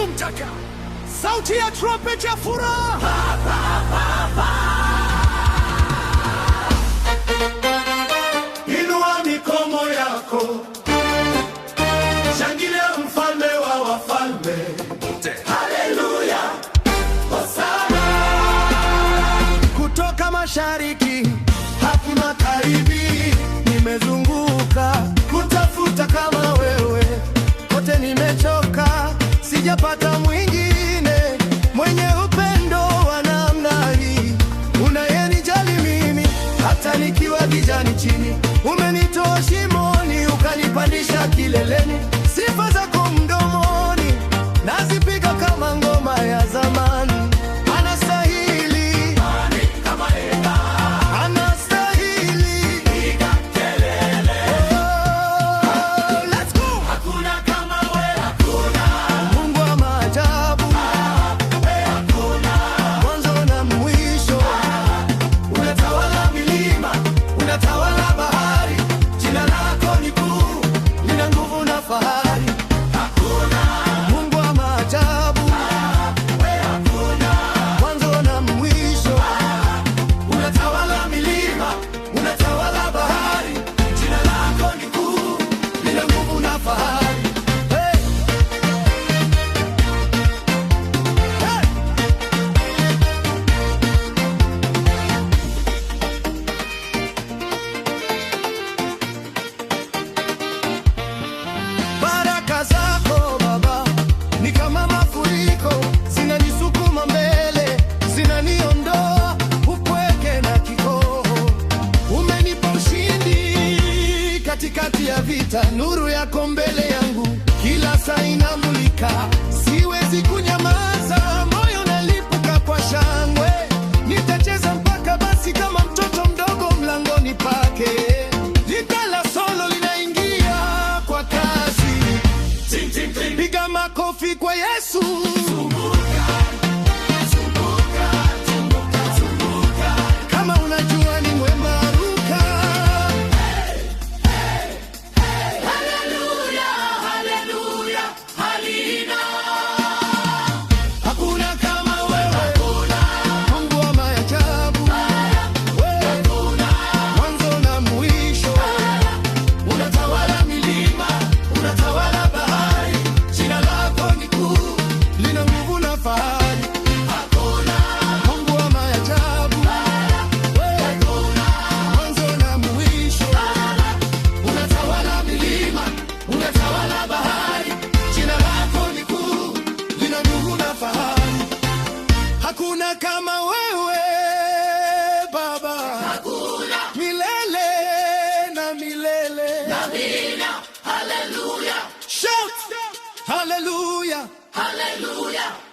kumtaka. Sauti ya trumpet ya furaha ba, Inua mikomo yako, shangilia mfalme wa wafalme. Haleluya, kutoka mashariki chini, umenitoa shimoni ukanipandisha kileleni. inapita, nuru yako mbele yangu kila saa inamulika, siwezi kunyamaza, moyo nalipuka kwa shangwe, nitacheza mpaka basi kama mtoto mdogo mlangoni pake, litala solo linaingia kwa kasi, piga makofi kwa Yesu. Hakuna kama wewe Baba, hakuna milele na milele na Haleluya, shout haleluya, haleluya.